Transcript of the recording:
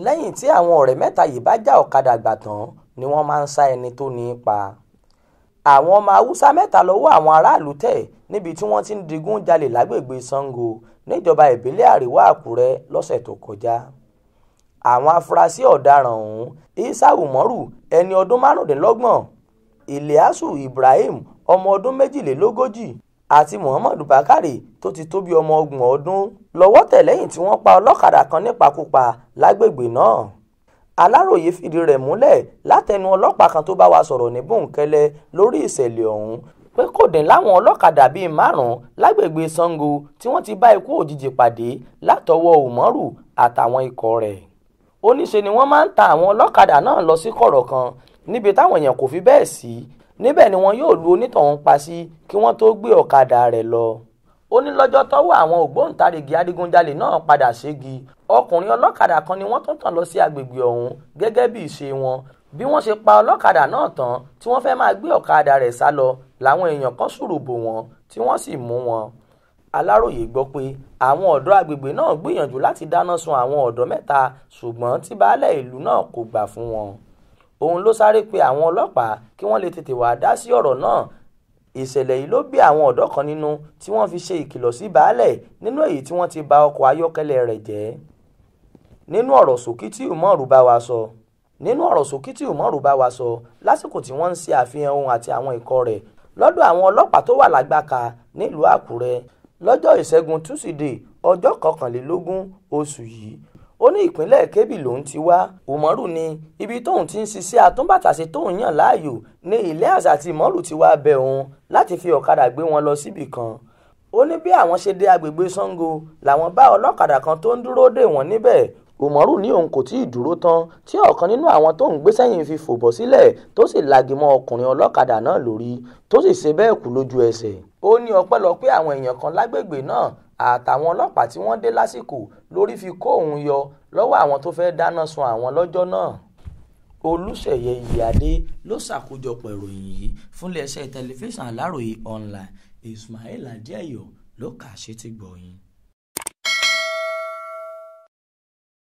lẹ́yìn tí àwọn ọ̀rẹ́ mẹ́ta yìí bá já ọ̀kadà gbà tán ni wọ́n máa ń sá ẹni tó ní í pa àwọn ọmọ haúsá mẹ́ta lọ́wọ́ àwọn aráàlú tẹ̀ níbi tí wọ́n ti ń digun jalè lágbègbè Sango níjọba ìbílẹ̀ àríwá Àkúrẹ́ lọ́sẹ̀ tó kọjá àwọn afurasí ọ̀daràn ọ̀hún Isa Umaru ẹni ọdún márùndínlọ́gbọ̀n Iliasu Ibrahim ọmọ ọdún méjìlélógójì àti Muhammadu Bakari tó ti tó bí ọmọ ọgbọ̀n ọdún lọ́wọ́ tẹ̀ lẹ́yìn tí wọ́n pa ọlọ́kadà kan nípakúpa lágbègbè náà aláròye fìdí rẹ̀ múlẹ̀ látẹnu ọlọ́pàá kan tó bá wa sọ̀rọ̀ ní bòńkẹ́lẹ́ lórí ìṣẹ̀lẹ̀ ọ̀hún pé kò dín láwọn ọlọ́kadà bíi márùn-ún lágbègbè Sango tí wọ́n ti bá ikú òjijì pàdé látọwọ́ Umaru àtàwọn ikọ̀ rẹ̀ ó níṣe ni wọ́n máa ń ta àwọn ọlọ́kadà náà lọ sí kọ̀rọ̀ kan níbi táwọn èèyàn kò fi bẹ́ẹ̀ sí níbẹ̀ ni wọn yóò lu onítọ̀hún pa sí kí wọ́n tó gbé ọ̀kadà rẹ̀ lọ ó ní lọ́jọ́ tọ́wọ́ àwọn ògbóǹtarìgì adigunjalè náà padà ségi ọkùnrin ọlọ́kadà kan ni wọ́n tún tàn lọ sí agbègbè ọ̀hún gẹ́gẹ́ bí ìṣe wọn bí wọ́n ṣe pa ọlọ́kadà náà tán tí wọ́n fẹ́ máa gbé ọ̀kadà rẹ̀ sá lọ làwọn èèyàn kan sùrù bò wọ́n tí wọ́n sì mú wọn. aláròye gbọ́ pé àwọn ọ̀dọ́ agbègbè náà gbìyànjú láti dáná sun àwọn ọ̀dọ́ mẹ́ta ṣùgbọ́n tí baálẹ̀ ìlú náà kò gbà fún wọn. òun ló sáré pe àwọn ọlọ́pàá kí wọ́n lè tètè wá dá sí ọ̀rọ̀ náà ìṣẹ̀lẹ̀ yìí ló bí àwọn ọ̀dọ́ kan nínú tí wọ́n fi ṣe ìkìlọ̀ sí baálẹ̀ nínú èyí tí wọ́n ti ba ọkọ̀ ayọ́kẹ́lẹ́ rẹ̀ jẹ́ nínú ọ̀rọ̀ ṣókí tí Umar bá wa sọ nínú ọ̀rọ̀ ṣókí tí Umar bá wa sọ lásìkò tí wọ́n ń ṣe àfihàn òun àti àwọn ikọ̀ rẹ̀ lọ́dọ̀ àwọn ọlọ́pàá tó wà lágbàkà nílùú Àkúrẹ́ lọ́jọ́ ìṣẹ́gun túsídẹ̀ẹ́ ọjọ́ kọkànlélógún oṣù yìí ó ní ìpínlẹ̀ kébì lòun ti wá Umaru ni ibi tóun ti ń ṣiṣẹ́ àtúnbàtàṣe tóun yàn láàyò ní ilé àṣà àti Umaru ti wá bẹ̀ òun láti fi ọ̀kadà gbé wọn lọ síbì kan ó ní bí àwọn ṣe dé agbègbè Sango làwọn bá ọlọ́kadà kan tó ń dúró dè wọ́n níbẹ̀ Umaru ní òun kò tí ì dúró tán tí ọ̀kan nínú àwọn tó gbé sẹ́yìn fi fò sílẹ̀ tó sì lagi mọ́ ọkùnrin ọlọ́kadà náà lórí tó sì ṣe bẹ́ẹ̀ kú lójú ẹsẹ̀ ó ní ọpẹ́lọpẹ́ àwọn èèyàn kan lágbègbè náà àtàwọn ọlọ́pàá tí wọ́n dé lásìkò lórí fi kó òun yọ lọ́wọ́ àwọn tó fẹ́ dáná sun àwọn lọ́jọ́ náà olùṣeyẹ ìyíadé ló ṣàkójọpọ̀ ìròyìn yìí fúnléeṣẹ́ tẹlifíṣàn aláròye online ismail adéyọ ló kà á ṣe ti gbọ̀yìn.